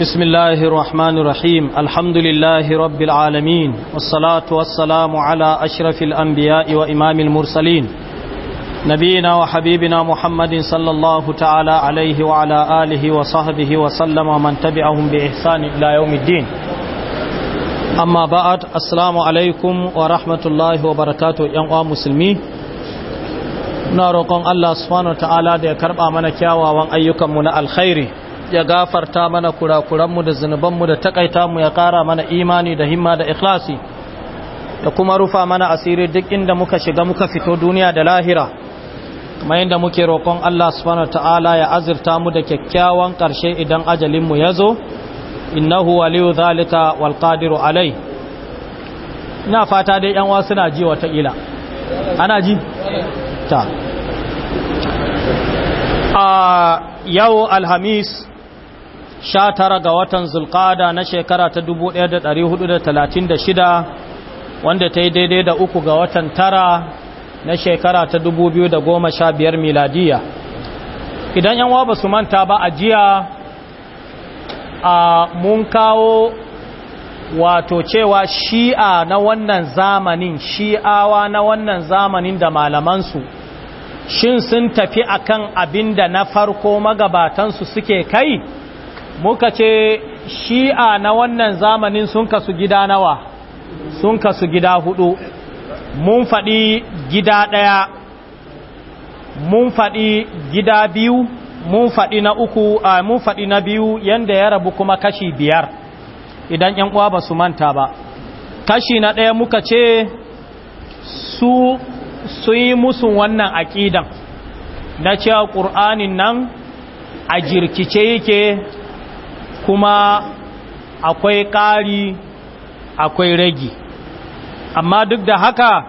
بسم الله الرحمن الرحيم الحمد لله رب العالمين والصلاة والسلام على أشرف الأنبياء وإمام المرسلين نبينا وحبيبنا محمد صلى الله تعالى عليه وعلى آله وصحبه وسلم ومن تبعهم بإحسان إلى يوم الدين أما بعد السلام عليكم ورحمة الله وبركاته يا مسلمين na roƙon Allah subhanahu ta'ala da ya karɓa mana kyawawan ayyukanmu na alkhairi ya gafarta mana kurakuranmu da zunubanmu da takaita mu ya kara mana imani da himma da ikhlasi da kuma rufa mana asiri duk inda muka shiga muka fito duniya da lahira kuma inda muke roƙon Allah subhanahu ta'ala ya azurta mu da kyakkyawan ƙarshe idan ajalinmu ya zo innahu waliyu zalika wal qadiru alai ina fata dai yan wasu suna ji wata ila ana ji ta a yau alhamis sha tara ga watan zulqada na shekara ta 1436 wanda ta yi daidai da uku ga watan tara na shekara ta 2015 miladiya idan yan wa su manta ba a jiya a mun kawo wato cewa shi'a na wannan zamanin shi'awa na wannan zamanin da malamansu shin sun tafi akan abin da na farko magabatansu suke kai muka ce shi'a na wannan zamanin sun kasu gida nawa sun kasu gida hudu mun faɗi gida ɗaya mun faɗi gida biyu mun faɗi na uku a mun faɗi na biyu yanda ya rabu kuma kashi biyar idan yan uwa ba su manta ba kashi na ɗaya muka ce su su yi musu wannan aƙidan na cewa ƙur'anin nan a jirkice yake kuma akwai ƙari akwai ragi amma duk da haka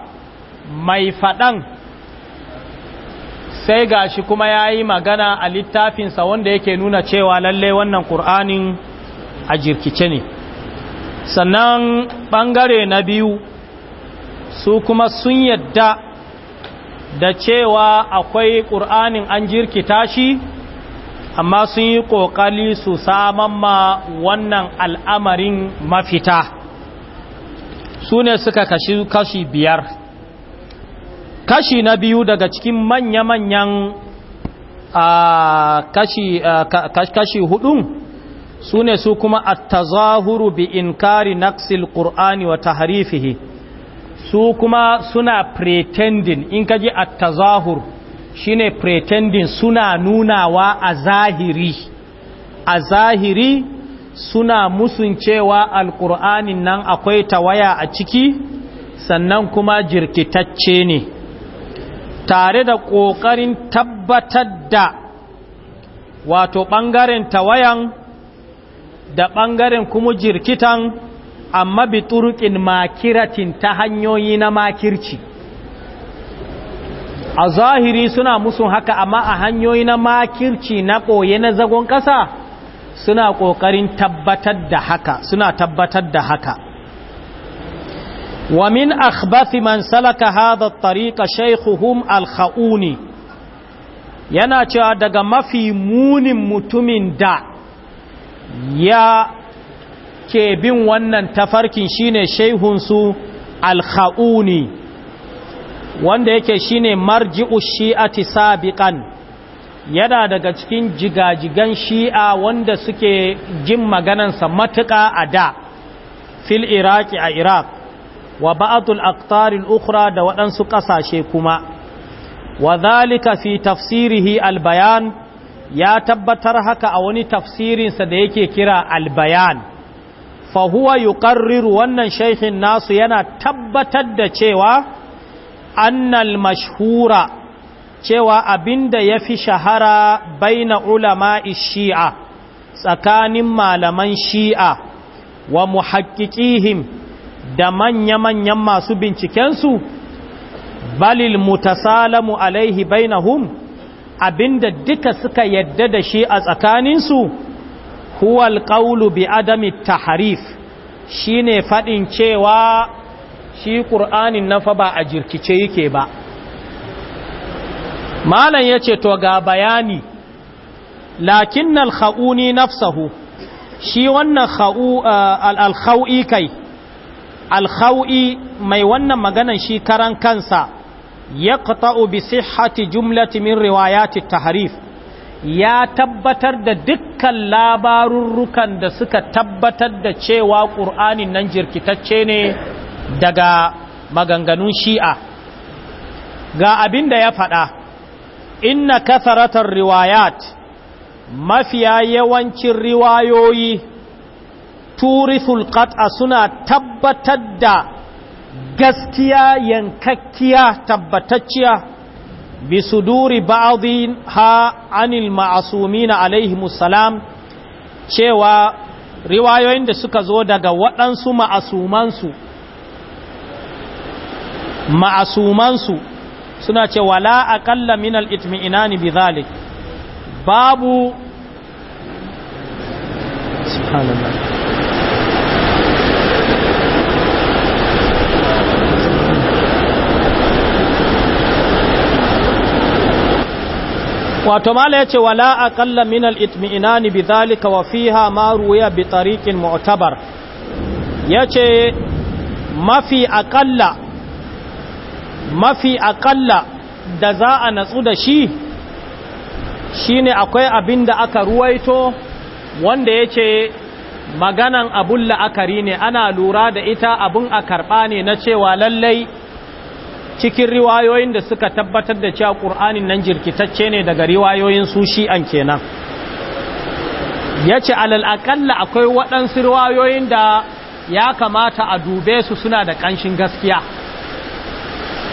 mai faɗan sai gashi kuma ya yi magana a littafinsa wanda yake nuna cewa lalle wannan ƙur'anin a jirkice ne sannan ɓangare na biyu su kuma sun yadda da cewa akwai ƙur'anin an jirkita shi amma sun yi ƙoƙari su saman ma wannan al'amarin mafita su ne suka kashi kashi biyar kashi na biyu daga cikin manya-manyan kashi, kashi hudun su ne su kuma attazahuru bi inkari naqsil qur'ani wa tahrifihi su kuma suna pretending in kaji attazahuru shine pretending suna nunawa a zahiri a zahiri suna musun cewa nan akwai tawaya a ciki sannan kuma jirkitacce ne tare da ƙoƙarin tabbatar da wato ɓangaren tawayan da ɓangaren kuma jirkitan amma bi makiratin ta hanyoyi na makirci a zahiri suna musu haka amma a hanyoyi na makirci na ɓoye na zagon ƙasa suna ƙoƙarin tabbatar da haka suna tabbatar da haka wa min akhbathi man salaka hadha at-tariqa shaykhuhum al-khauni yana cewa daga mafi munin mutumin da ya ke bin wannan tafarkin shine su al-khauni wanda yake shine marji'u shi'ati sabiqan yana daga cikin jigajigan shi'a wanda suke jin maganansa matuƙa a da fil iraki a iraq wa ba'atul aktarin ukra da waɗansu ƙasashe kuma wa zalika fi tafsirihi albayan ya tabbatar haka a wani tafsirinsa da yake kira albayan fahuwa yuqarriru wannan shaykhin nasu yana tabbatar da cewa annal mashhura cewa abinda ya fi shahara baina ulama shi'a tsakanin malaman shi'a wa muhakkikihim da manya-manyan masu bincikensu balil mutasalamu alaihi bainahum abinda duka suka yadda da shi a tsakaninsu huwal ƙaulu bi adami tahrif shine fadin cewa shi ƙur'anin nan fa ba a jirkice yake ba malam ya ce to ga bayani lakin alkha'uni nafsahu shi wannan alkhau'i kai alhau'i mai wannan maganan shi karan kansa ya ƙata'u bi sihati jumlati min riwayati tahrif ya tabbatar da dukkan labarurrukan da suka tabbatar da cewa ƙur'anin nan jirkitacce ne daga maganganun shi'a ga abin da ya faɗa inna kasaratar riwayat mafiya yawancin riwayoyi turisul qat'a suna tabbatar da gaskiya yankakkiya tabbatacciya bi suduri ba'dhin ha anil ma'asumina alaihimus salam cewa riwayoyin da suka zo daga waɗansu ma'asumansu ma'asumansu suna ce wala aqalla min al bi bidhalik babu subhanallah wato mala yace wala aqalla min al bi bidhalika wa fiha ma ruya bi tariqin mu'tabar yace mafi aqalla mafi akalla da za a natsu da shi shine akwai abin da aka ruwaito wanda ya ce maganan abun la'akari ne ana lura da ita abun a karɓa ne na cewa lallai cikin riwayoyin da suka tabbatar da cewa ƙur'anin nan jirkitacce ne daga riwayoyin su an kenan ya ce alal'akalla akwai waɗansu riwayoyin da ya kamata a dube su suna da ƙanshin gaskiya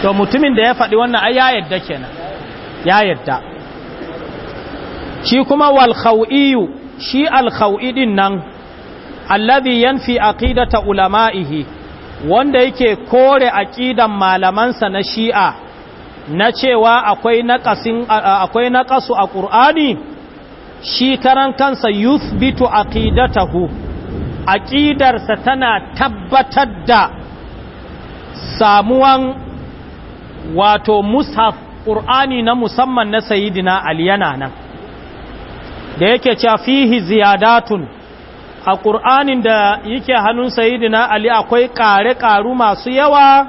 to mutumin da ya faɗi wannan ai ya yadda kenan ya yadda shi kuma wal khawiyu shi al khawidin nan alladhi yanfi aqidata ulama'ihi wanda yake kore aqidan malamansa na shi'a na cewa akwai naqasin akwai naqasu a qur'ani shi karan kansa yuthbitu aqidatahu sa tana tabbatar da samuwan wato mushaf ƙur'ani na musamman na sayidina ali yana nan da yake cewa fihi ziyadatun a ƙur'anin da yake hannun sayidina ali akwai ƙare-ƙaru masu yawa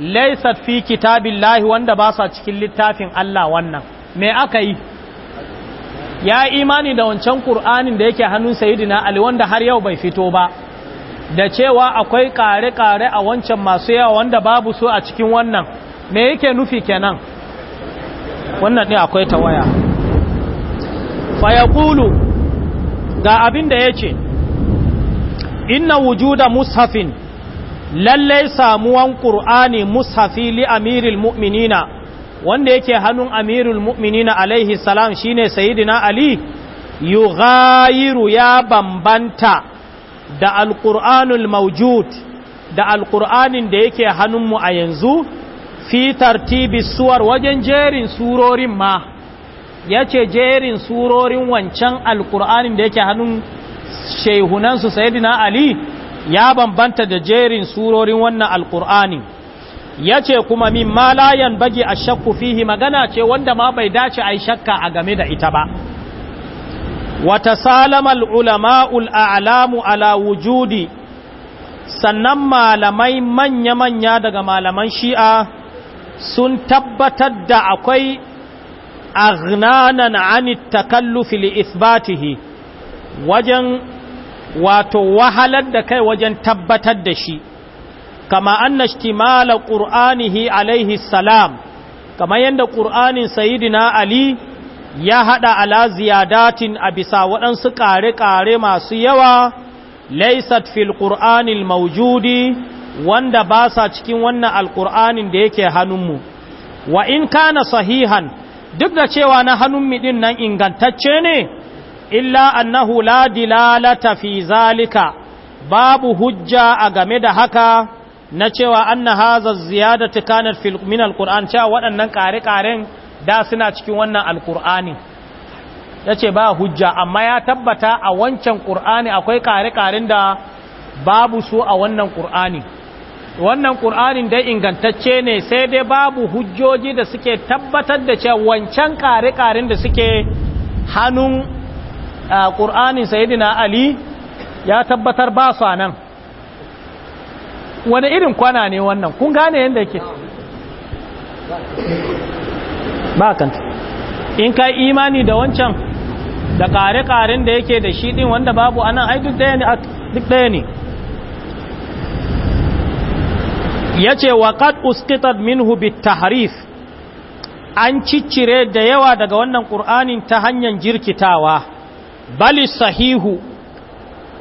laisat fi kitabillahi wanda ba sa cikin littafin Allah wannan me aka yi ya imani da wancan ƙur'anin da yake hannun sayidina ali wanda har yau bai fito ba da cewa akwai ƙare-ƙare a wancan masu yawa wanda babu su a cikin wannan me yake nufi kenan wannan ne akwai tawaya fayaqulu ga abin da yace inna wujuda mushafin lallai samuwan qur'ani mushafi li amiril mu'minina wanda yake hannun amirul mu'minina alaihi salam shine sayyidina ali yughayiru ya bambanta da alqur'anul mawjud da alqur'anin da yake hannunmu a yanzu fi tartibi suwar wajen jerin surorin ma ya ce jerin surorin wancan alkur'anin da yake hannun shehunansu sayidina ali ya bambanta da jerin surorin wannan alkur'ani. ya ce kuma min malayan bagi a shakku fihi magana ce wanda ma bai dace a shakka a game da ita ba wata salamar ulama'ul a'lamu ala wujudi sannan malamai manya-manya daga malaman shi'a sun tabbatar da akwai agnanan anit takallufi li isbatihi wajen wato wahalar da kai wajen tabbatar da shi kama anna ishtimala qur'anihi alaihi salam kama yanda qur'anin sayyidina ali ya hada ala ziyadatin a bisa waɗansu ƙare-ƙare masu yawa laysat fil qur'anil mawjudi wanda ba sa cikin wannan alƙur'anin da yake hannunmu wa in kana sahihan duk da cewa na hannun ɗin nan ingantacce ne illa annahu la dilalata fi zalika babu hujja a game da haka na cewa anna haza ziyadatu kanat fil min alquran cewa waɗannan kare-karen da suna cikin wannan alqur'ani yace ba hujja amma ya tabbata a wancan qur'ani akwai kare-karen da babu su a wannan qur'ani wannan ƙur'anin dai ingantacce ne sai dai babu hujjoji da suke tabbatar da cewa wancan ƙari-ƙarin da suke hannun ƙur'anin sayidina ali ya tabbatar ba su nan wani irin kwana ne wannan kun gane yadda yake ba kanta in ka imani da wancan da ƙari-ƙarin da yake da shi ɗin wanda babu anan ai duk ɗaya ne ya ce wa min usqitat minhu harif an ciccire da yawa daga wannan ƙur'anin ta hanyar jirkitawa bali sahihu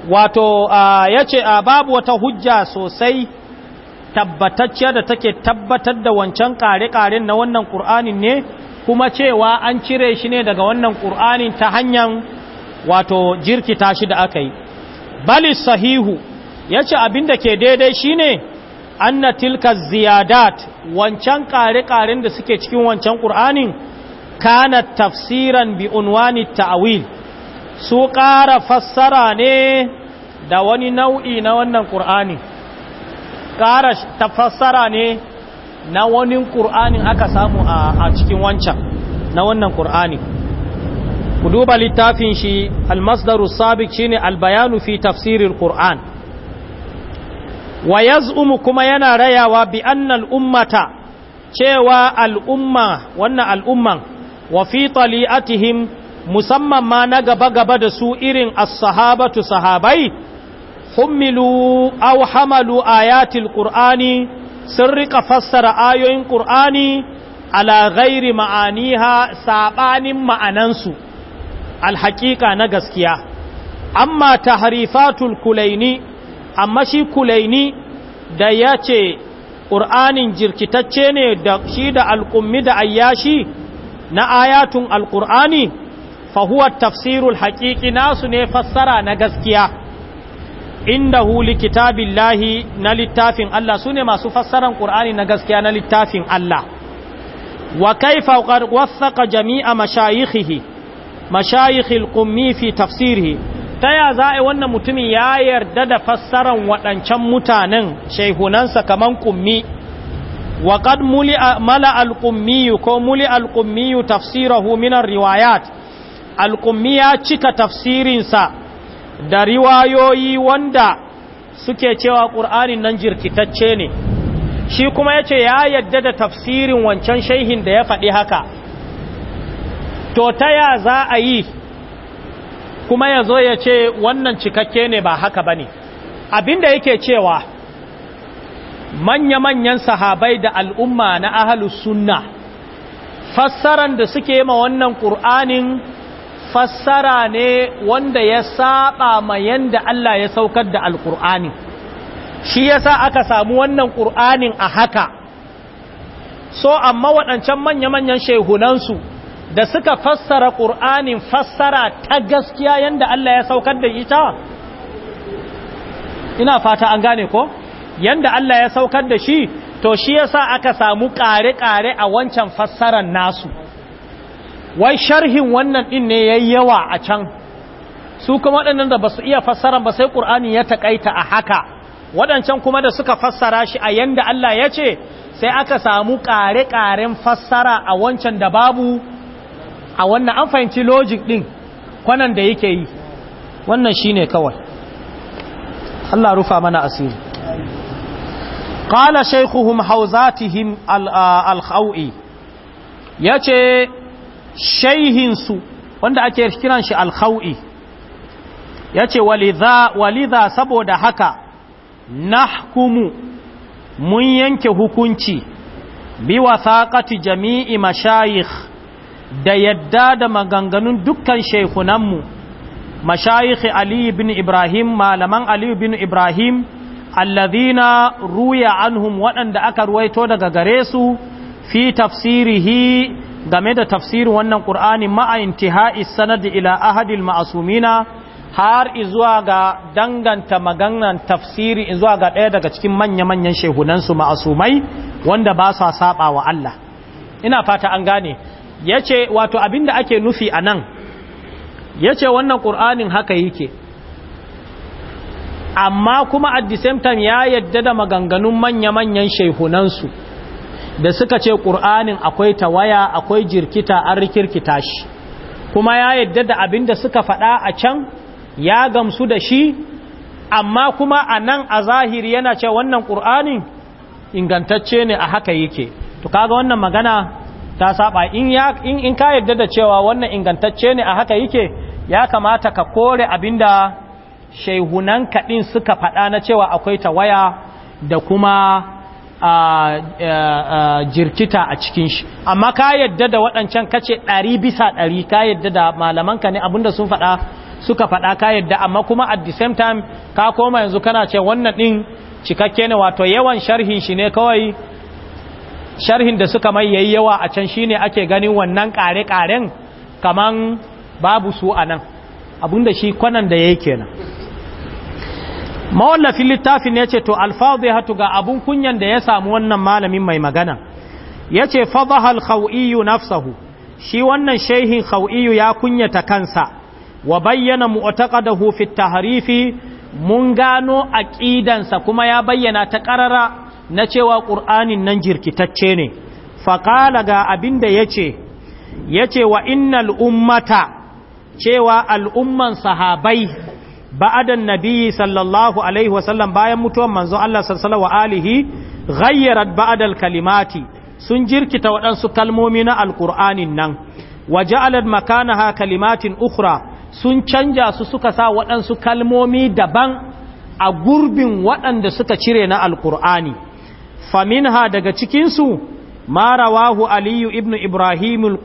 wato ya ce babu wata hujja sosai tabbatacciya da take tabbatar da wancan ƙare karen na wannan ƙur'anin ne kuma cewa an cire shi ne daga wannan ƙur'anin ta hanyar wato jirkita shi da aka yi bali sahihu ya ce abinda ke daidai shi ne anna tilka ziyadat wancan kare karen da suke cikin wancan ƙur'anin kana tafsiran bi unwani ta'awil su ƙara fassara ne da wani nau'i na wannan ƙur'ani ƙara tafassara ne na wani ƙur'anin aka samu a cikin wancan na wannan ƙur'ani ku duba littafin shi almasdaru sabiq shine albayanu fi tafsirin ƙur'an wa yaz'umu kuma yana rayawa bi annal ummata cewa al'umma wannan al'umman wa fi tali'atihim musamman ma na gaba-gaba da su irin as-sahabatu sahabai hummilu aw hamalu ayatil qur'ani sun rika fassara ayoyin qur'ani ala ghairi ma'aniha sabanin ma'anansu alhaƙiƙa na gaskiya amma tahrifatul kulaini amma shi kulaini da ya ce ƙur'anin jirkitacce ne da shi da alƙummi da ayyashi na ayatun alƙur'ani fahuwar tafsirul haƙiƙi nasu ne fassara na gaskiya inda huli kitabin lahi na littafin Allah su ne masu fassaran ƙur'ani na gaskiya na littafin Allah wa kaifa wasaka jami'a mashayikhi. Mashayikhi ƙummi fi tafsirhi ta ya za a wannan mutumin ya yarda da fassaran waɗancan mutanen shaihunansa kamar kummi wa ƙad mala al ko muli al-kummi tafsirahu riwayat al ya cika tafsirinsa da riwayoyi wanda suke cewa qur'anin nan jirkitacce ne shi kuma yace ya yarda da tafsirin wancan shaihin da ya faɗi haka to ta ya za a yi kuma ya zo ya ce wannan cikakke ne ba haka ba ne abinda yake cewa manya-manyan sahabai da al'umma na ahalus sunna fassaran da suke ma wannan ƙur'anin fassara ne wanda ya saba ma yadda Allah ya saukar da alkur'ani. shi yasa aka samu wannan ƙur'anin a haka so amma waɗancan manya-manyan shehunansu da suka fassara ƙur'anin fassara ta gaskiya yadda Allah ya saukar da ita ina fata an gane ko yadda Allah ya saukar da shi to shi yasa aka samu ƙare-ƙare a wancan fassaran nasu wai sharhin wannan ɗin ne ya yawa a can su kuma waɗannan da ba su iya fassaran ba sai ƙur'ani ya taƙaita a haka waɗancan kuma da suka fassara shi a yadda Allah ya ce sai aka samu ƙare-ƙaren fassara a wancan da babu a wannan an fahimci logic din kwanan da yake yi wannan shine kawai Allah rufa mana asiri qala shaykhuhum hawzatihim al-khawi yace shayhin su wanda ake kiran shi al-khawi yace walidha walidha saboda haka nahkumu mun yanke hukunci bi wasaƙati jami'i mashayikh da yadda da maganganun dukkan shekunanmu mashayikh Ali bin Ibrahim malaman Ali bin Ibrahim Allabina ruya anhum waɗanda aka ruwaito daga gare su fi tafsirihi game da tafsirin wannan Qur'ani ma'a intihai ila ahadil ma'asumina har izuwa ga danganta maganan tafsiri izuwa ga ɗaya daga cikin manya-manyan shehunansu ma'asumai wanda ba sa saba wa Allah ina fata an gane ya ce wato abinda ake nufi a nan ya ce wannan ƙur'anin haka yake amma kuma at the ya yadda da maganganun manya-manyan shehunansu da suka ce ƙur'anin akwai tawaya akwai jirkita an rikirkita shi kuma ya yadda da abin da suka faɗa a can ya gamsu da shi amma kuma a nan a zahiri yana ce wannan ƙur'anin ingantacce ne a haka yake to kaga wannan magana ta saba in ka yarda da cewa wannan ingantacce ne a haka yake ya kamata ka kore abinda shehunan kaɗin suka faɗa na cewa akwai ta waya da kuma a, jirkita a cikin shi amma ka yarda da waɗancan kace ɗari bisa ɗari ka yarda da malamanka ne abinda sun faɗa suka faɗa ka yarda amma kuma at the same time ka koma yanzu kana ce wannan ɗin cikakke ne wato yawan sharhin shi ne kawai sharhin da suka mai yayi yawa a can shine ake ganin wannan kare-karen kaman babu su a nan abinda shi kwanan da yayi kenan mawallafin littafin ya ce to alfazu ya ga abun kunyan da ya samu wannan malamin mai magana ya ce fadahal khaw'iyu nafsahu shi wannan shehin khaw'iyu ya kunyata kansa wa bayyana mu'taqadahu fit tahrifi mun gano aqidansa kuma ya bayyana ta qarara na cewa ƙur'anin nan jirkitacce ne faƙala ga abin da ya ce ya ce wa inna ummata cewa al'umman sahabai ba'adan nabiyyi sallallahu alaihi wasallam bayan mutuwan manzo Allah sallallahu alihi ghayyarat ba'dal kalimati sun jirkita waɗansu kalmomi na alƙur'anin nan wa ja'alat makanaha kalimatin ukhra sun canja su suka sa waɗansu kalmomi daban a gurbin waɗanda suka cire na alqur'ani. faminha daga cikinsu Mara rawahu aliyu ibnu ibrahimu al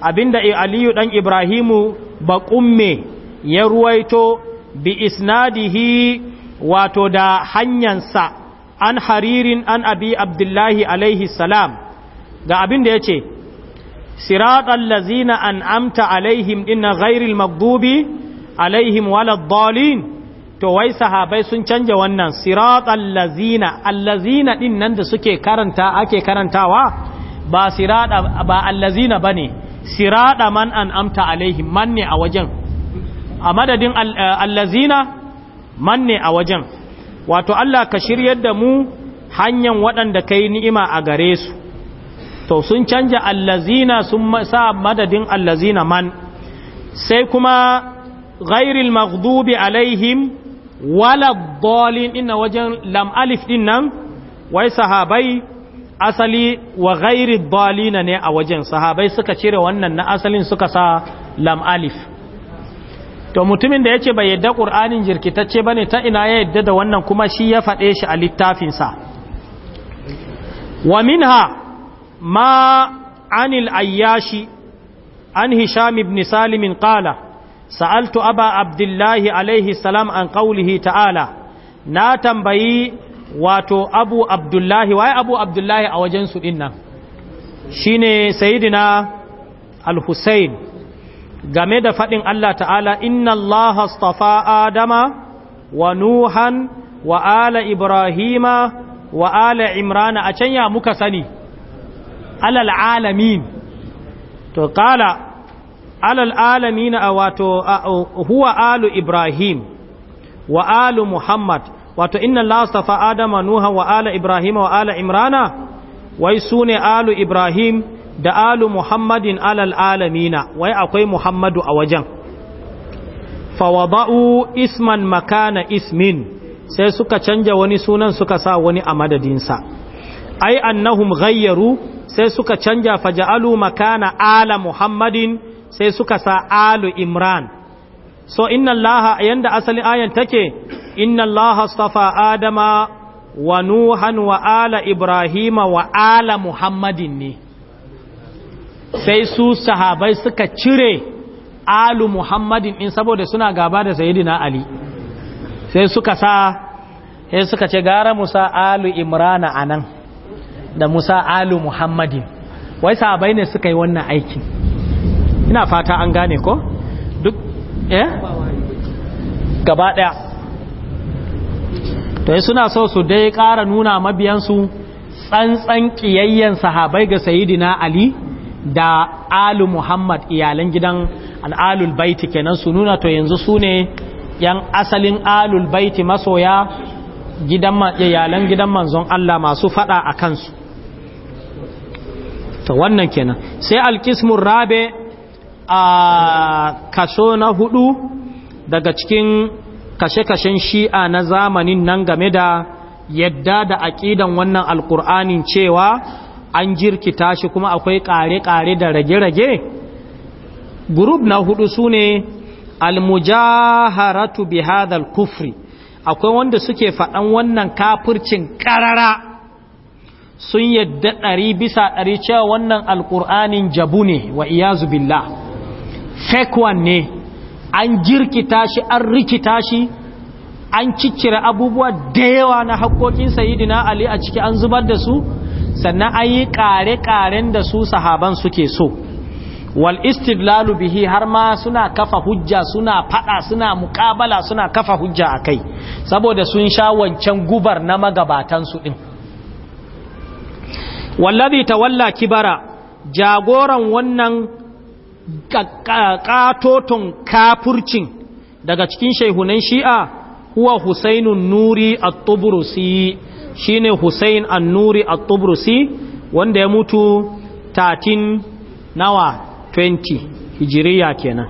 abinda aliyu dan ibrahimu ba kumme ya ruwaito bi isnadihi wato da hanyansa an haririn an abi abdullahi alaihi salam ga abinda ya ce siratan lazina an amta alaihim na ghairil magdubi alaihim walad to wai sahabai sun canja wannan sirat allazina allazina din nan da suke karanta ake karantawa ba sirada ba allazina bane sirada man an amta alaihim man ne a wajen a madadin eh, allazina man ne a wajen wato Allah ka shiryar da mu hanyar waɗanda kai ni'ima a gare su to sun canja allazina sun sa madadin allazina man sai kuma ghairil maghdubi alaihim wala dolin ina wajen lam alif din nan wai sahabai asali wa gairi bolina ne a wajen sahabai suka cire wannan na asalin suka sa lam alif to mutumin da ya ce bai yadda ƙur'anin jirkitacce ba ne ta ina ya yadda da wannan kuma shi ya faɗe shi a littafinsa wa minha ma anil ayyashi an hisham ibn salimin qala sa'altu aba abdullahi alaihi salam an ta'ala na tambayi wato abu abdullahi waye abu abdullahi a wajen su dinnan shine sayyidina al-husayn game da fadin Allah ta'ala inna Allah astafa adama wa nuhan wa ala ibrahima wa ala imrana a can ya muka sani alal alamin to kala alal alamina a wato huwa alu ibrahim wa alu muhammad wato inna Allah safa adama nuha wa ala ibrahim wa ala imrana wai su ne alu ibrahim da alu muhammadin alal alamina wai akwai muhammadu a wajen fawada'u isman makana ismin sai suka canja wani sunan suka sa wani a madadinsa ai annahum ghayyaru sai suka canja faja'alu makana ala muhammadin sai suka sa alu imran so inna allaha yanda asalin ayan take inna allaha astafa adama wa nuhan wa ala ibrahima wa ala muhammadin ne sai su sahabai suka cire alu muhammadin in saboda suna gaba da sayidina ali sai suka sa sai suka ce gara musa alu imrana anan da musa alu muhammadin wai sahabai ne suka yi wannan aikin ina fata an gane ko duk eh gaba daya to suna so su dai ƙara nuna mabiyansu tsantsan ƙiyayyen sahabai ga sayidina ali da alu muhammad iyalan gidan al'alul baiti kenan su nuna to yanzu su ne yan asalin alul baiti masoya gidan iyalan gidan manzon allah masu fada a kansu to wannan kenan sai alkismun rabe a kaso na hudu daga cikin kashe-kashen shi'a na zamanin nan game da yadda da aƙidan wannan alƙur'anin cewa an jirkita shi kuma akwai ƙare-ƙare da rage-rage gurub na hudu su ne almujaharatu bi kufri akwai wanda suke faɗan wannan kafircin ƙarara sun yadda ɗari bisa ɗari cewa wannan alƙur'anin jabu ne wa iyazu billah fake one ne an jirkita shi an rikita shi an ciccire abubuwa da yawa na haƙoƙin sayidina ali a ciki an zubar da su sannan an yi ƙare-ƙaren da su sahaban suke so wal istidlalu bihi har ma suna kafa hujja suna faɗa suna muƙabala suna kafa hujja a kai saboda sun sha wancan gubar na magabatansu ɗin Wallabi ta tawalla kibara jagoran wannan katoton kafurcin daga cikin shaihunan shi'a huwa husainun nuri tuburusi shi shine husain an-nuri a tuburusi wanda ya mutu 13 nawa 20 hijiriya kenan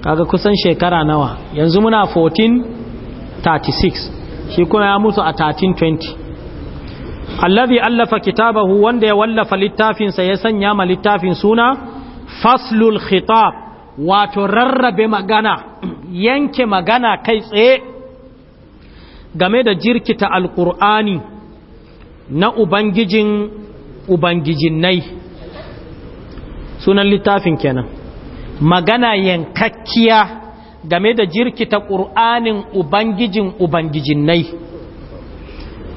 kaga kusan shekara nawa yanzu muna 1436 shi kuma ya mutu a 1320 Allah allafa kitabahu wanda ya wallafa littafin sa ya sanya ma littafin suna faslul khitab wato rarrabe magana yanke magana kai tsaye game da jirkita alkur'ani na ubangijin ubangijinnai sunan littafin kenan magana yankakkiya game da jirkita ƙur'anin ubangijin ubangijinai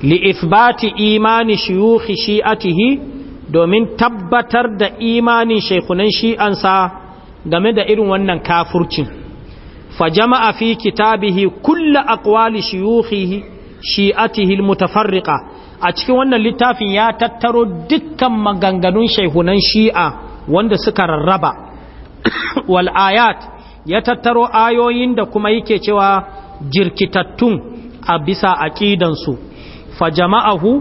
li isbati imani shiyuhi shi'atihi domin tabbatar da imanin shekunan shi'ansa game da irin wannan kafurcin fa jama'a fi kitabihi kulla aqwali shuyukhihi shi'atihi almutafarriqa a cikin wannan littafin ya tattaro dukkan maganganun shekunan shi'a wanda suka rarraba Wal'ayat ya tattaro ayoyin da kuma yake cewa jirkitattun a bisa aqidansu fa fajama'ahu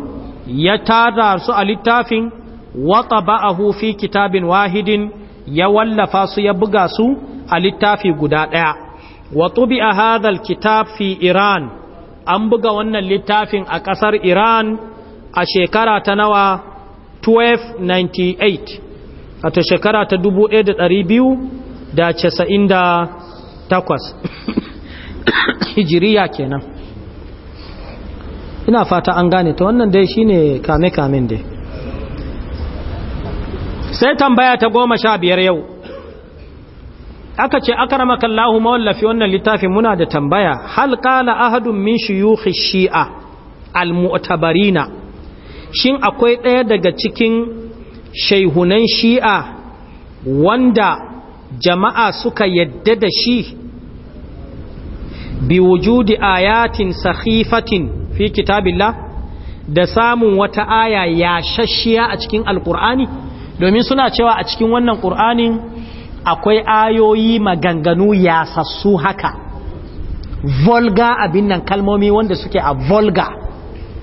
ya tara su a littafin wata ba'ahu fi kitabin wahidin ya wallafa su ya buga su a littafi guda ɗaya wato bi a hadal kitab fi iran an buga wannan littafin a ƙasar iran a shekara ta nawa 1298 a ta shekara ta 1298 hijiriya kenan ina fata an gane ta wannan dai shine kame-kamen dai sai tambaya ta goma sha biyar yau aka ce aka rama Lahu mawallafi wannan littafin muna da tambaya halkala qala ahadun min shuyukhi shi'a almu'tabarina shin akwai ɗaya daga cikin shaihunan shi'a wanda jama'a suka yadda da shi bi wujudi ayatin sahifatin fi kitabillah da samun wata aya ya shashiya a cikin alkur'ani domin suna cewa a cikin wannan ƙur'anin akwai ayoyi maganganu ya sassu haka volga abin nan kalmomi wanda suke a volga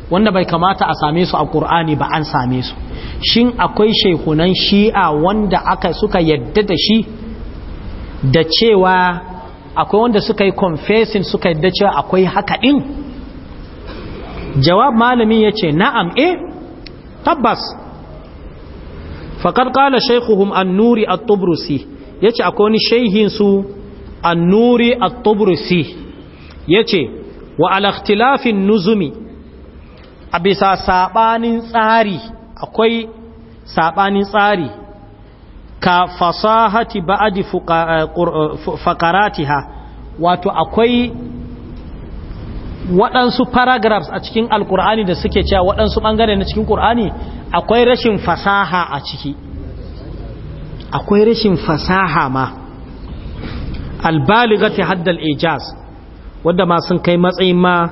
wanda bai kamata a same su a ƙur'ani ba an same su shin akwai shekunan shi'a wanda aka suka yadda da shi da cewa akwai wanda suka yi confessing suka yadda cewa akwai haka ɗin jawab malamin ya ce na'am eh tabbas faƙar ƙala shaikuhum annuri at yace ya ce akwai wani shaihinsu annuri at-tubrusi ya ce wa alaktilafin nuzumi a bisa saɓanin tsari akwai saɓanin tsari ka fasahati ba'adi fakaratiha eh, eh, wato akwai waɗansu paragraphs a cikin alkur'ani da suke cewa waɗansu ɓangare na cikin ƙur'ani akwai rashin fasaha a ciki akwai rashin fasaha ma albaligati haddal ijaz wadda ma sun kai matsayin ma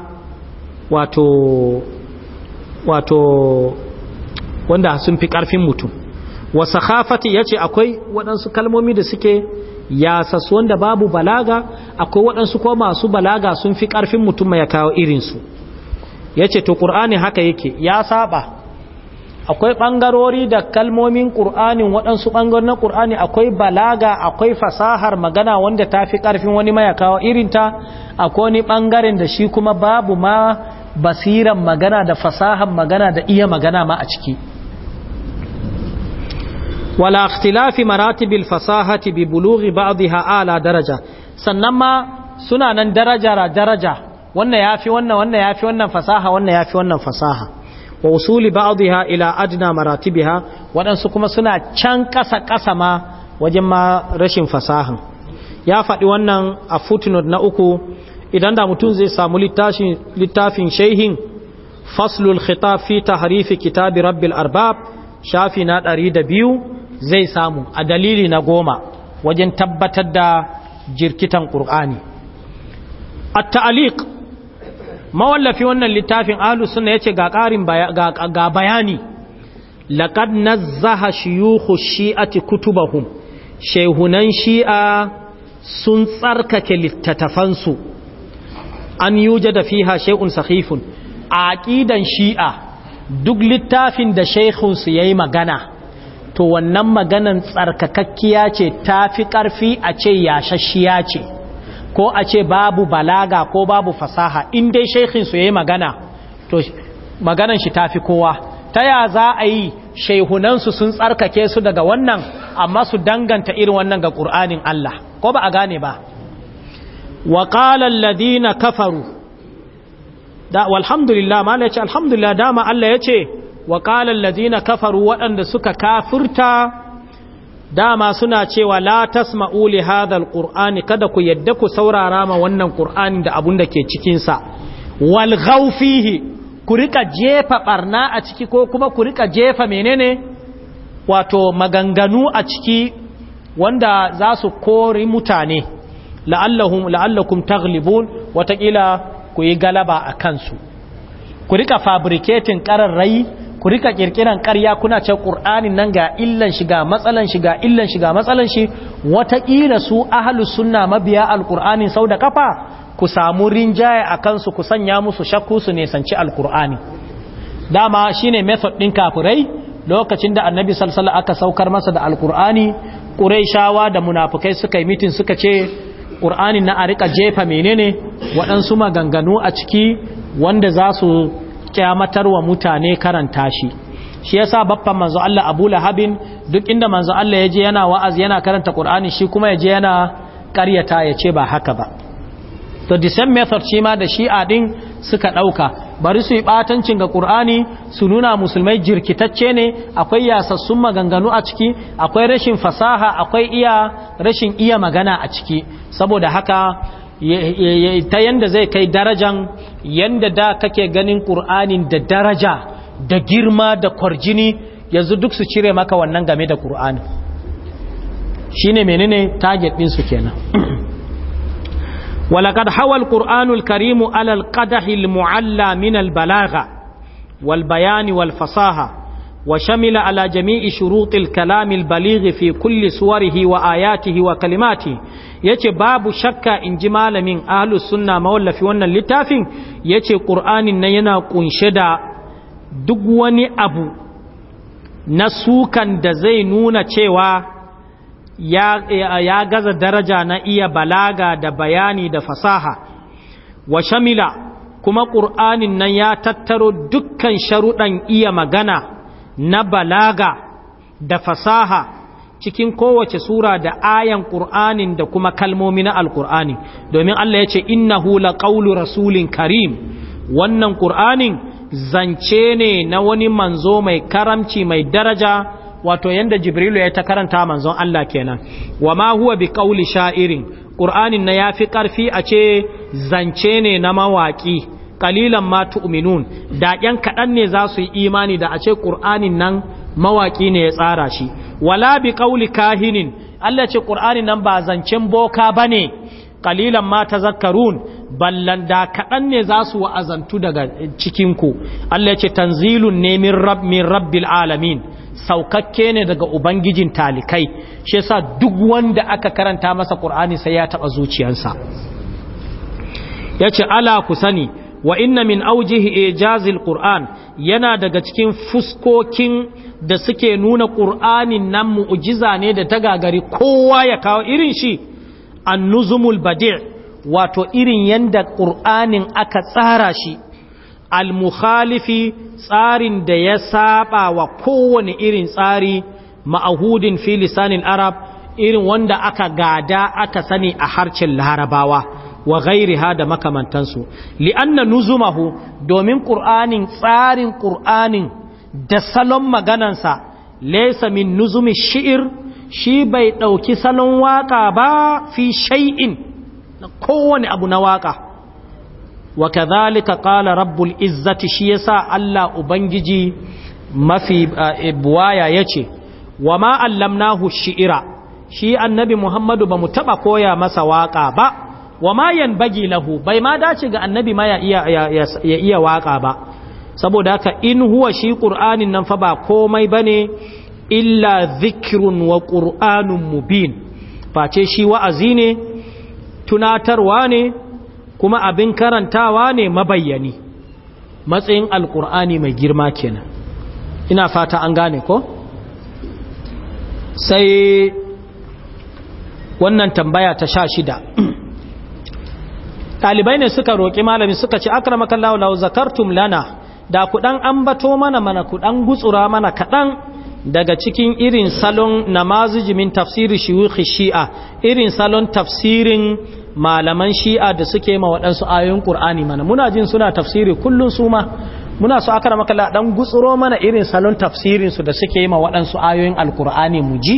wato wato wanda sun fi ƙarfin mutum wasa khafati ya ce akwai waɗansu kalmomi da suke ya sasu wanda babu balaga akwai waɗansu ko masu balaga sun fi ƙarfin mutum ya kawo irinsu ya ce to ƙur'ani haka yake ya saba akwai ɓangarori da kalmomin ƙur'anin waɗansu ɓangarori na ƙur'ani akwai balaga akwai fasahar magana wanda ta fi ƙarfin wani ma ya kawo irinta akwai wani ɓangaren da shi kuma babu ma basiran magana da fasahar magana da iya magana ma a ciki wala ikhtilafi maratibil fasahati bi bulughi ba'dihha ala daraja sannan ma suna nan daraja daraja wannan yafi wannan wannan yafi wannan fasaha wannan yafi wannan fasaha wa usuli ila adna maratibiha wadansu kuma suna can kasa kasa ma wajen ma rashin fasahan ya faɗi wannan a footnote na uku idan da mutum zai samu littafin shehin faslul khitab fi tahrifi kitabi rabbil arbab shafi na ɗari da biyu zai samu a dalili na goma wajen tabbatar da jirkitan ƙur'ani a ta'aliq mawallafi wannan littafin ahlus ya yace ga ƙarin ga bayani laqad nazzaha shuyukhu shi'ati kutubahun shehunan shi'a sun tsarkake littattafansu an da fiha shay'un A ƙidan shi'a duk littafin da shaykhun su yayi magana to wannan maganan tsarkakakkiya ce ta fi ƙarfi a ce yashashiya ce ko a ce babu balaga ko babu fasaha in dai su ya yi magana to maganan shi ta fi kowa ta ya za a yi shaihunansu sun tsarkake su daga wannan amma su danganta irin wannan ga ƙur'anin Allah ko ba a gane ba wa ladina kafaru da walhamdulillah ma ya ce alhamdulillah dama Allah ya ce wa ƙalar lazina kafaru waɗanda suka kafirta dama suna cewa la tasma'uli hadal hadhal kada ku yadda ku saurara ma wannan ƙur'ani da abun da ke cikinsa. wal ghawfihi ku rika jefa barna a ciki ko kuma ku rika jefa menene wato maganganu a ciki wanda za su kori mutane la'allakum taghlibun watakila ku yi galaba a kansu ku rika fabricating kararrai ku rika kirkiran ƙarya kuna ce ƙur'anin nan ga illan shiga ga matsalan shiga illan shiga ga matsalan shi wataƙila su ahalus sunna mabiya alƙur'anin sau da kafa ku samu rinjaye a kansu ku sanya musu shakku su nisanci alƙur'ani dama shine method ɗin kafurai lokacin da annabi salsala aka saukar masa da alƙur'ani ƙuraishawa da munafukai suka yi mitin suka ce ƙur'anin na a rika jefa menene waɗansu maganganu a ciki wanda za su kyamatar wa mutane karanta shi shi yasa babban manzo Allah Abu Lahabin duk inda manzo Allah yaje yana wa'azi yana karanta Qur'ani shi kuma yaje yana ƙaryata yace ba haka ba to the same method shi ma da shi'a din suka dauka bari su yi batancin ga Qur'ani su nuna musulmai jirkitacce ne akwai yasassun maganganu a ciki akwai rashin fasaha akwai iya rashin iya magana a ciki saboda haka ta yanda zai kai darajan yanda da kake ganin ƙur'anin da daraja da girma da kwarjini yanzu duk su cire maka wannan game da ƙur'ani shi ne menene target su kenan walakad hawal ƙur'anul karimu alal ƙadahil mu'alla minal balaga wal bayani wal fasaha WaShamila ala jami'i shurutil kalamil balighi fi kulli suwarihi wa ayatihi wa kalimati yace babu shakka in ji malamin ahlus sunna mawallafi wannan littafin yace qur'anin na yana kunshe da duk wani abu na sukan da zai nuna cewa ya, gaza daraja na iya balaga da bayani da fasaha WaShamila kuma ƙur'anin nan ya tattaro dukkan sharuɗan iya magana na balaga da fasaha cikin kowace sura da ayan ƙur'anin da kuma kalmomi na alƙur'ani domin Allah ya ce hula laqawlu rasulin karim wannan ƙur'anin zance ne na wani manzo mai karamci mai daraja wato yanda jibrilu ya ta karanta manzon Allah kenan wa ma huwa bi sha sha'irin ƙur'anin na yafi ƙarfi a ce zance ne na mawaƙi qalilan ma tu'minun da ƴan kaɗan ne za su yi imani da a ce qur'anin nan mawaki ne ya tsara shi wala bi qauli kahinin Allah ce qur'anin nan ba zancen boka bane qalilan ma tazakkarun ballan da kaɗan ne za su wa'azantu daga cikinku Allah ce tanzilun ne min rab rabbil alamin saukakke ne daga ubangijin talikai shi yasa duk wanda aka karanta masa qur'ani sai ya taɓa zuciyarsa yace ala ku sani wa inna min aujihi ijazil qur'an yana daga cikin fuskokin da suke nuna qur'anin nan mu'jiza ne da ta gagari kowa ya kawo irin shi annuzumul badi' wato irin yanda qur'anin aka tsara shi al-mukhalifi tsarin da ya saba wa kowane irin tsari ma'ahudin fi lisanin arab irin wanda aka gada aka sani a harcin larabawa wa ghairiha da makamantansu li'anna nuzumahu domin qur'anin tsarin qur'anin da salon maganansa laysa min nuzumi shi'ir shi bai dauki salon waka ba fi shay'in kowane abu na waka wa kadhalika qala rabbul izzati shi yasa Allah ubangiji mafi eh, buwaya yace wa ma allamnahu shi'ira shi annabi Muhammadu ba mu taba koya masa waka ba wa ma yan bagi lahu bai ma dace ga annabi ma ya iya ya iya waka ba saboda haka in huwa shi qur'anin nan fa ba komai bane illa dhikrun wa qur'anun mubin face shi wa'azi ne tunatarwa ne kuma abin karantawa ne mabayyani matsayin alqur'ani mai girma kenan ina fata an gane ko sai wannan tambaya ta sha shida ɗalibai ne suka roƙi malami suka ce Allah law zakartum lana da ku dan ambato mana mana ku gutsura mana kaɗan daga cikin irin salon namazijimin tafsiri shiwuhi shi'a irin salon tafsirin malaman shi'a da suke ma waɗansu ayoyin ƙur'ani mana muna jin suna tafsiri kullum su ma muna so aka makalla dan gutsuro mana irin salon tafsirinsu da suke ma waɗansu ayoyin alƙur'ani mu ji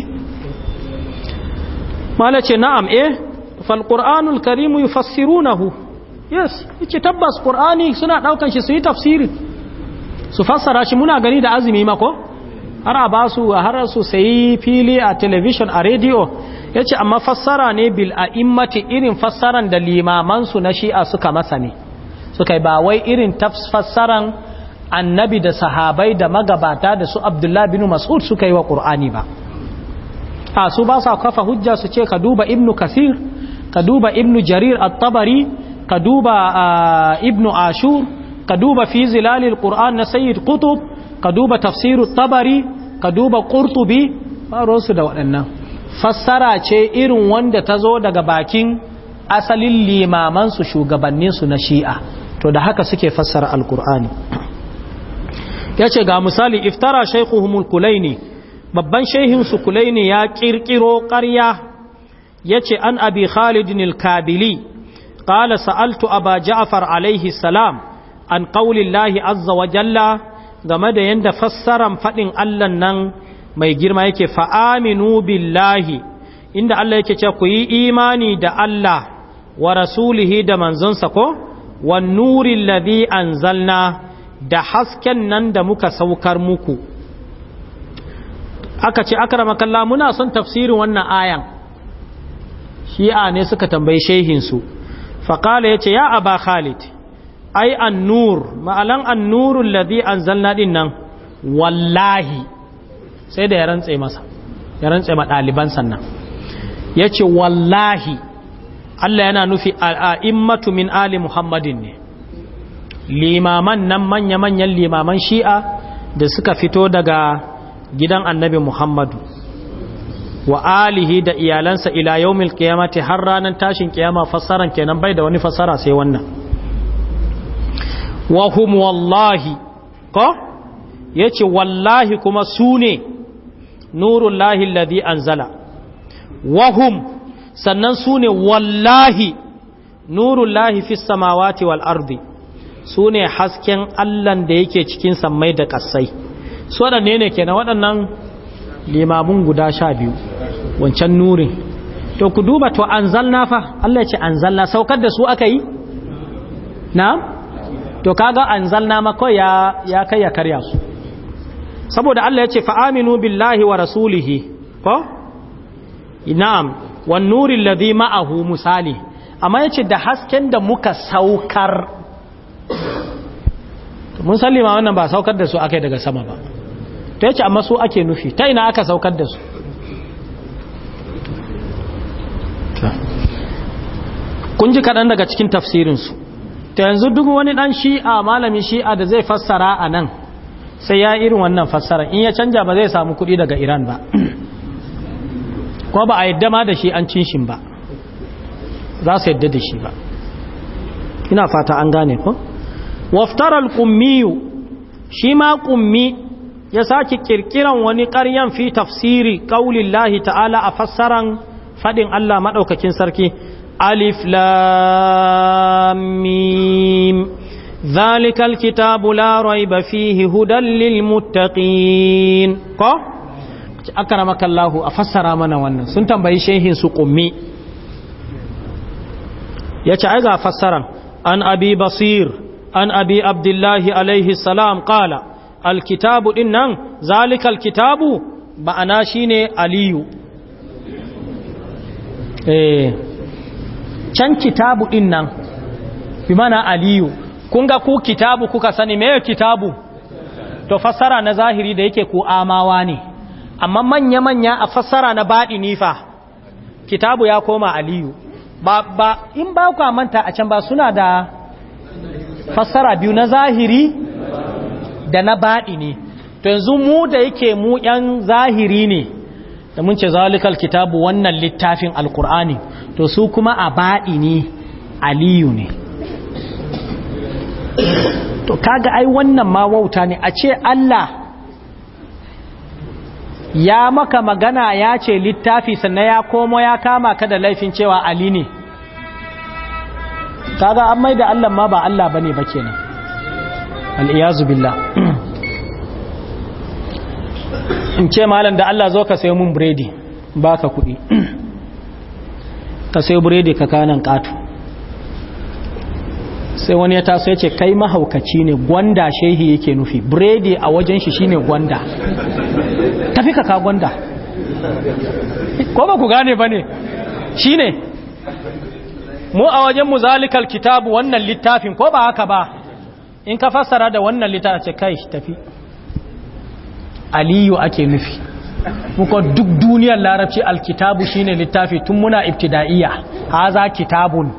mala ce na'am eh falƙur'anul karimu yi fassirunahu yes ce tabbas ƙur'ani suna ɗaukan shi su yi tafsiri su fassara shi muna gani da azumi mako har a basu har su sayi fili a television a rediyo Yace amma fassara ne bil a irin fassaran da limamansu na shi'a suka masa ne suka yi ba wai irin fassaran annabi da sahabai da magabata da su abdullahi bin mas'ud suka yi wa ƙur'ani ba a su ba sa kafa hujja su ce ka duba ibnu kasir ka duba ibnu jarir at-tabari ka duba ibnu ashur ka duba fi zilalil na sayyid Kutub ka duba tafsirut tabari ka duba qurtubi faro da waɗannan fassara ce irin wanda ta zo daga bakin asalin limamansu shugabanninsu shugabannin su na shi'a to da haka suke fassara alqur'ani yace ga misali iftara shaykhuhumul kulaini babban shehin su kulaini ya kirkiro ƙarya yace an abi khalid al-kabili qala sa'altu aba ja'far alaihi salam an qaulillahi azza wa jalla game da yanda fassaran fadin Allah nan mai girma yake fa aminu billahi inda Allah yake cewa ku yi imani da Allah wa rasulihi da manzonsa ko wan nuril ladhi anzalna da hasken nan da muka saukar muku aka ce akramaka muna son tafsirin wannan ayan shi'a ne suka tambayi shehinsu faƙala ya ce ya aba khalid ai annur ma'alan annurun ladhi anzalna din nan wallahi sai da ya rantse masa ya rantse ma ɗaliban sannan ya ce wallahi Allah yana nufi al'aimmatu min ali muhammadin ne limaman nan manya-manyan limaman shi'a da suka fito daga gidan annabi muhammadu wa alihi da iyalansa ila yaumil qiyamati har ranan tashin kiyama fassaran kenan bai da wani fassara sai wannan wa hum wallahi ko yace wallahi kuma sune lahi alladhi anzala wa hum sannan sune wallahi lahi fis samawati wal ardi sune hasken Allah da yake cikin sammai da kasai su waɗanne ne kenan waɗannan limamun guda sha biyu wancan nurin to ku duba to an zalna fa Allah ya ce an zalna saukar da su aka yi na to kaga an zalna mako ya, ya kai ya karya su saboda Allah ya ce Aminu billahi wa rasulihi ko? na'am wan nurin ladhi ma'ahu musali amma ya ce da hasken da muka saukar mun sallima wannan ba saukar da su aka daga sama ba ta yace amma su ake nufi ta ina aka saukar da su kun ji kaɗan daga cikin tafsirinsu ta yanzu duk wani ɗan shi'a malamin shi'a da zai fassara a nan sai ya irin wannan fassara in ya canja ba zai samu kuɗi daga iran ba Ko ba a yadda ma da shi an cin shi ba za su yadda da shi ba ina fata an gane ko waftaral kummiyu shi ma kummi ya sake kirkiran wani ƙaryan fi tafsiri ƙaulillahi ta'ala a fassaran faɗin Allah maɗaukakin sarki alif lamim zalikal kitabu la raiba fihi hudan ko. muttaqin ko akramakallahu a fassara mana wannan sun tambayi shehin su kummi yace ai ga fassaran an abi basir an abi abdullahi alaihi salam qala alkitabu ɗin nan zalikal kitabu ba'ana ne aliyu eh can kitabu ɗin nan bi mana aliyu kun ga ku kitabu kuka sani me kitabu to fassara na zahiri da yake ku amawa ne amma manya manya a fassara na baɗi nifa kitabu ya koma aliyu ba ba in ba ku manta a can ba suna da fassara biyu na zahiri da na baɗi ne to yanzu mu da yake mu yan zahiri ne da mun ce zalikal kitabu wannan littafin alkur'ani to su kuma a baɗi ne aliyu ne to kaga ai wannan ma wauta ne a ce Allah ya maka magana ya ce littafi sannan ya komo ya kama ka da laifin cewa ali ne kaga an maida Allah ma ba Allah bane ba kenan al'iyazu billah in ce malam da Allah zo ka sayo mun biredi ba ka kuɗi ka sayo biredi ka kanan ƙato sai wani ya taso ya ce kai mahaukaci ne gwanda shehi yake nufi biredi a wajen shi shine gwanda tafi ka ka gwanda ko ba ku gane ba ne shi ne mu a wajen mu zalikal kitabu wannan littafin ko ba haka ba in ka fassara da wannan lita a ce kai tafi aliyu ake nufi muka duk duniyar larabci alkitabu shine littafi tun muna ibtida'iyya haza kitabun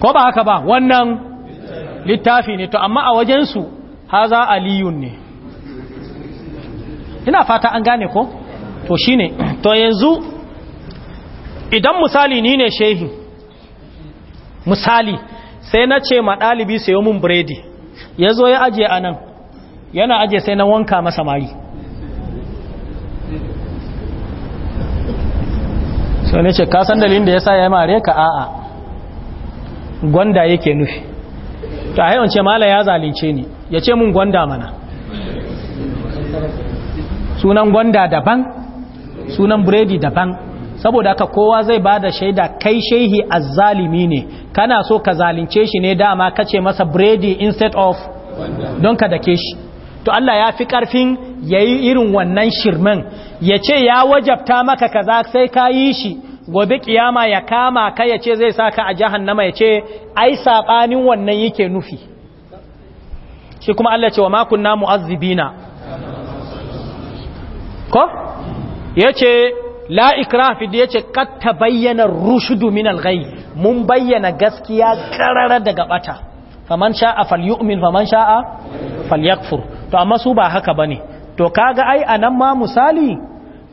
ko ba haka ba wannan littafi ne to amma a wajensu haza aliyun ne ina fata an gane ko to shine to yanzu idan misali ni ne shehi misali sai na ce ma ɗalibi sayo mun biredi ya zo ya ajiye a nan yana ajiye sai na wanka masa mari sau ne ce kasan dalilin da ya sa ya yi mare ka a'a gwanda yake nufi ta haiwan ce mala ya zalince ni ya ce mun gwanda mana sunan gwanda daban sunan biredi daban saboda haka kowa zai ba da shaida kai shehi azzalimi ne kana so ka zalunce shi ne dama kace masa bredi instead of don ka dake shi to Allah ya fi ƙarfin ya irin wannan shirmin ya ce ya wajabta maka kaza sai ka yi shi gobe kiyama ya kama ka ya ce zai saka a jahannama ya ce ai saɓanin wannan yake nufi shi kuma Allah ce wa kunna mu'azzibina ko yace la ikrafi da ya ce katta bayyana rushudu min alghai mun bayyana gaskiya karara daga bata faman sha'a falyu'min faman sha'a falyakfur to amma su ba haka bane to kaga ai anan ma misali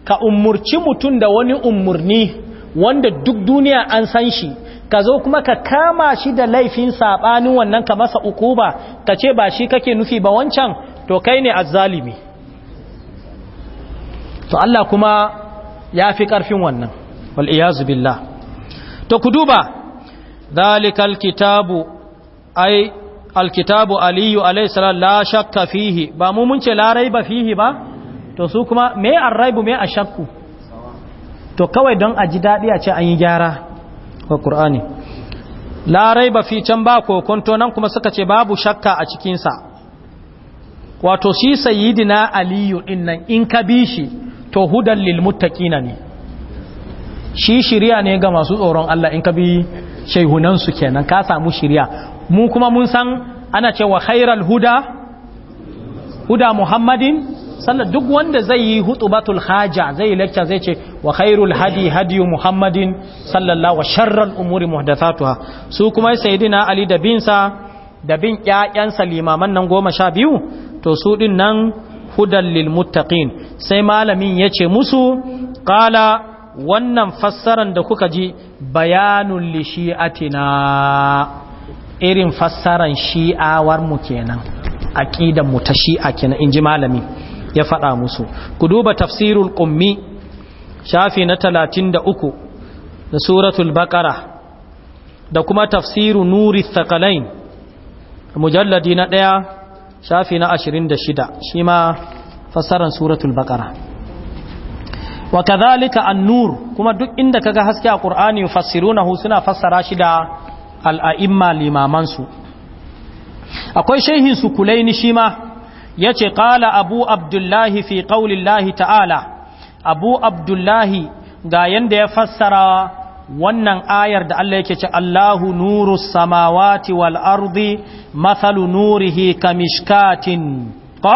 ka umurci mutum da wani umurni wanda duk duniya an san shi ka zo kuma ka kama shi da laifin sabanin wannan ka masa ukuba ka ce ba shi kake nufi ba wancan to kai ne azzalimi to Allah kuma ya fi ƙarfin wannan wal'iyazu billah to ku duba zalikal kitabu ai alkitabu aliyu alaihissalam la shakka fihi ba mu mun ce la raiba fihi ba to su kuma me an raibu me a shakku to kawai don a ji daɗi a ce an yi gyara wa ƙur'ani la raiba fi can ba kokonto nan kuma suka ce babu shakka a cikinsa wato shi sayidina aliyu ɗin nan in ka bi shi to hudan lil ne shi shiriya ne ga masu tsoron Allah in ka bi shehunan su kenan ka samu shiriya mu kuma mun san ana cewa khairal huda huda muhammadin sallar duk wanda zai yi hutubatul haja zai yi lecture zai ce wa khairul hadi hadi muhammadin sallallahu wa sharral umuri muhdathatuha su kuma sayyidina ali da binsa da bin limaman nan goma sha biyu to su din nan hudan lil muttaqin sai malamin yace musu ƙala wannan fassaran da kuka ji bayanun li shi'atina irin fassaran shi'awar mu kenan aqidan mu ta shi'a kenan inji malami ya faɗa musu ku duba tafsirul qummi shafi na 33 da suratul baqara da kuma tafsiru nuri thaqalain mujalladi na ɗaya shafi na 26 shi ma fassarar suratul baqara wa kadhalika an-nur kuma duk inda kaga haske a qur'ani yufassirunahu suna fassara shi da al-a'imma limaman su akwai shehin su kulaini shi ma yace qala abu abdullahi fi qaulillahi ta'ala abu abdullahi ga yanda ya fassara wannan ayar da Allah yake ce Allahu nuru samawati wal ardi mathalu nurihi kamishkatin ko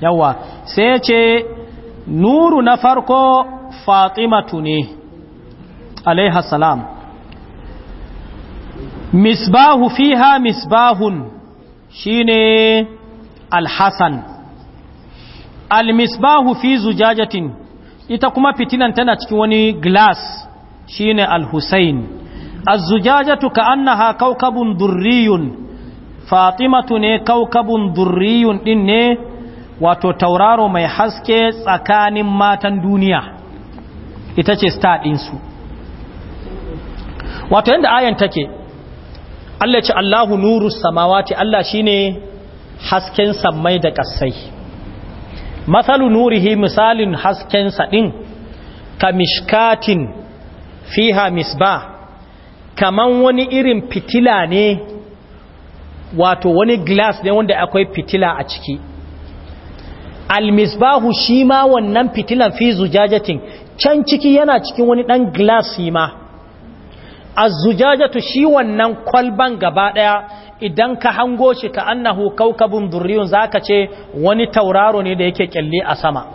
yawa sai ce nuru na farko fatimatu ne alaiha salam misbahu fiha misbahun shine alhasan almisbahu fi zujajatin ita kuma fitinan tana cikin wani glass shine al-husayn az-zujajatu ka'annaha kawkabun durriyun fatimatu ne kawkabun durriyun din ne wato tauraro mai haske tsakanin matan duniya ita ce star ɗinsu wato yadda ayan take Allah ce Allahu nuru samawati Allah shine hasken sammai da ƙasai Masalu nurihi misalin hasken saɗin kamishkatin fiha misba kaman wani irin fitila ne wato wani glass ne wanda akwai fitila a ciki almisbahu shi ma wannan fitilan fi zujajatin can ciki yana cikin wani dan glass shi ma azzujajatu shi wannan kwalban gaba daya idan ka hango shi ka annahu kaukabun durriyun zaka ce wani tauraro ne da yake kyalle a sama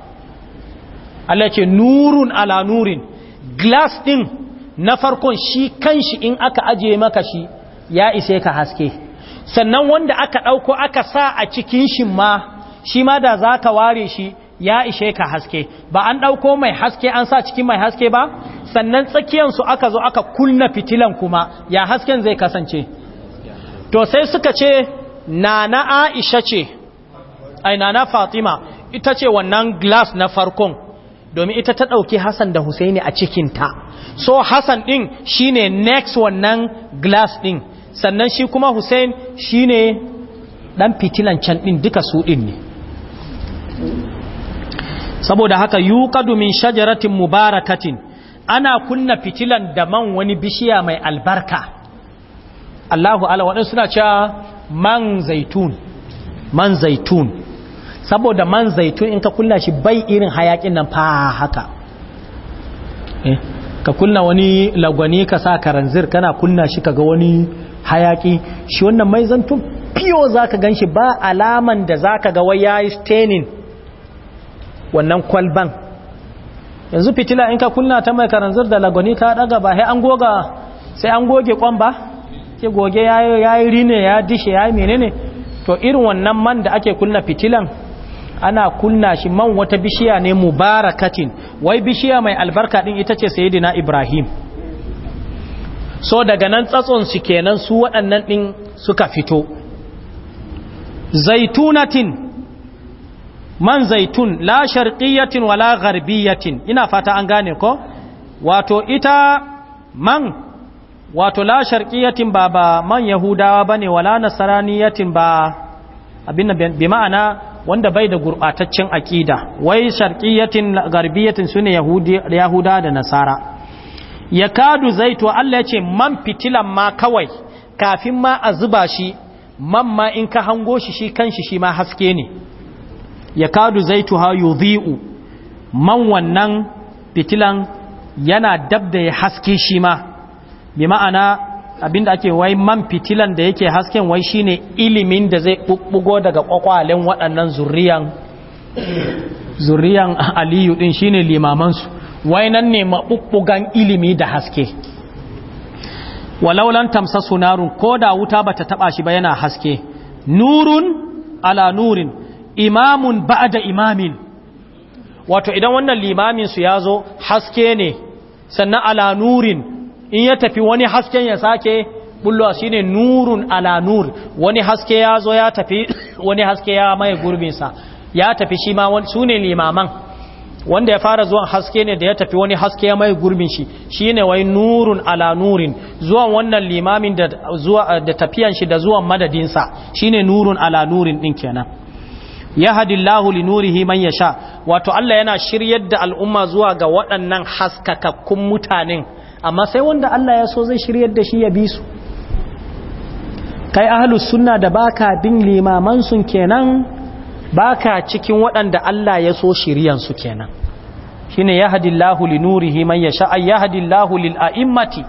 Allah ce nurun ala nurin glass din na farkon shi kanshi in aka aje maka shi ya ise ka haske sannan wanda aka ɗauko aka sa a cikin shi ma shi ma da za ka ware shi ya ishe ka haske ba an ɗauko mai haske an sa cikin mai haske ba sannan tsakiyar su aka zo aka kunna fitilan kuma ya hasken zai kasance to sai suka ce nana aisha ce ai nana fatima ita ce wannan glass na farkon domin ita ta ɗauki Hassan da Husaini a cikinta so Hassan ɗin shine next wannan glass ɗin sannan shi kuma Hussein shine ɗan fitilan can ɗin duka su ɗin ne saboda haka yuqadu min shajaratin mubarakatin ana kunna fitilan da man wani bishiya mai albarka Allahu ala waɗansu suna cewa man zaitun man zaitun saboda man zaitun in ka kulla shi bai irin hayakin nan fa haka eh, ka kunna wani lagwani ka sa karanzir kana kunna shi kaga wani hayaki shi wannan mai zantun fiyo zaka ganshi ba alaman da zaka ga wai yayi staining wannan kwalban yanzu fitila in ka kunna ta mai karanzir da lagwani ka daga ba sai an goga sai an goge kwan ba ke goge yayi yayi rine ya dishe yayi menene to irin wannan man da ake kunna fitilan ana kunna shi man wata bishiya ne mubarakatin wai bishiya mai albarka din ita ce sayyidina ibrahim so daga nan tsatson su kenan su waɗannan din suka fito zaitunatin man zaitun la sharqiyatin wala gharbiyatin ina fata an gane ko wato ita man wato la sharqiyatin ba ba man yahudawa bane wala nasraniyatin ba abin bi ma'ana wanda bai da gurbataccen akida wai sharqiyatin garbiyatin sune yahudi yahuda da nasara yakadu zaitu Allah ya ce man fitilan ma kawai kafin ma a zuba shi man ma in ka hango shi shi kanshi shi ma haske ne yakadu zaitu ha yudhi'u man wannan fitilan yana dabda ya haske shi ma bi ma'ana abinda ake wai man fitilan da yake hasken wai shine ilimin da zai bubbugo daga kwakwalen waɗannan zuriyan zuriyan aliyu din shine limaman su. wai nan ne mabubbugan ilimi da haske walaulan tamsa sunarun ko da wuta bata taba shi ba yana haske nurun ala nurin imamun ba'da imamin wato idan wannan limamin su yazo haske ne sannan ala nurin in ya tafi wani hasken ya sake bullowa shine nurun ala nur wani haske ya zo ya tafi wani haske ya gurbin gurbinsa ya tafi shi ma su ne limaman wanda ya fara zuwan haske ne da ya tafi wani haske ya mai gurbin shi shi ne wai nurun ala nurin zuwan wannan limamin da, da tafiyan shi da zuwan madadinsa shi ne nurun ala nurin ɗin kenan ya hadillahu li nurihi man ya sha wato Allah yana shiryar da al'umma zuwa ga waɗannan haskakakkun mutanen amma sai wanda Allah ya so zai shiryar da shi ya bi su kai ahlus sunna da baka bin limaman sun kenan baka cikin waɗanda Allah ya so shiryan su kenan shine yahdillahu linurihi man yasha ay yahdillahu lil a'immati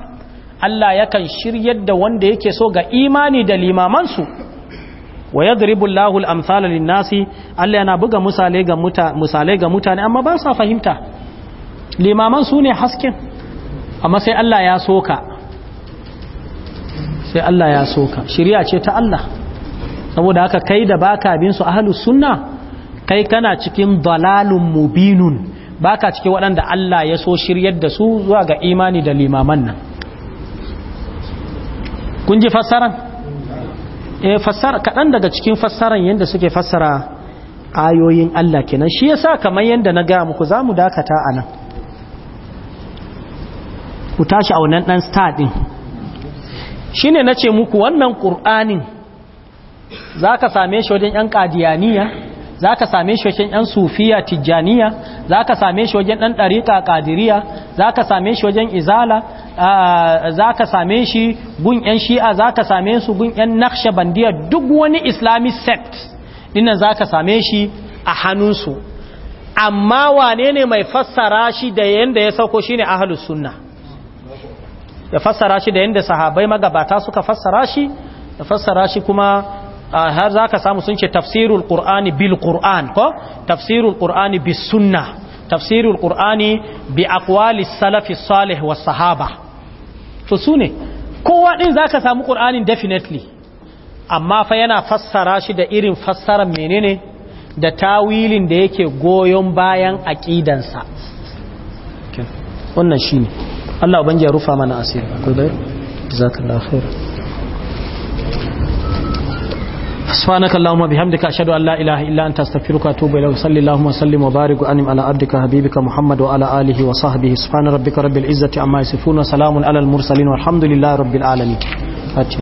Allah yakan shiryar da wanda yake so ga imani da limaman su wa yadribu Allahu al-amthala lin-nasi Allah yana buga misale ga mutane amma ba sa fahimta limaman su ne hasken amma sai Allah ya soka sai Allah ya soka shirya ce ta Allah saboda haka kai da baka bin su ahlus sunna kai kana cikin dalalun mubinun baka cike waɗanda Allah ya so shiryar da su zuwa ga imani da limaman nan kun ji fassaran eh fassara kaɗan daga cikin fassaran yanda suke fassara ayoyin Allah kenan shi yasa kamar yadda na ga muku zamu dakata anan. ku tashi a wannan ɗan star ɗin shine ne na ce muku wannan ƙur'anin za ka same shi wajen ‘yan ƙadiyaniya za ka same shi wajen ‘yan sufiya tijjaniya za ka same shi wajen ɗan ɗariƙa ƙadiriya za ka same shi wajen izala za ka same shi gun ‘yan shi'a za ka same su gun ‘yan naksha bandiya duk wani islamic sect dinnan za ka same shi a hannunsu amma wane ne mai fassara shi da yadda ya sauko shine ne ahalus sunna ya fassara shi da yadda sahabai magabata suka fassara shi ya fassara shi kuma har za ka samu sun ce tafsirul qur'ani bil qur'an ko tafsirul qur'ani bis sunna tafsirul qur'ani bi aqwali salafi salih was sahaba to su ne kowa din za ka samu qur'anin definitely amma fa yana fassara shi da irin fassarar menene da tawilin da yake goyon bayan aqidansa wannan shine Allah ubangiji ya rufa mana asiri akwai bayar jazakallahu khair subhanaka ilaha illa anta wa barik wa anim ala alihi wa sahbihi subhana rabbika rabbil izzati amma mursalin walhamdulillahi rabbil alamin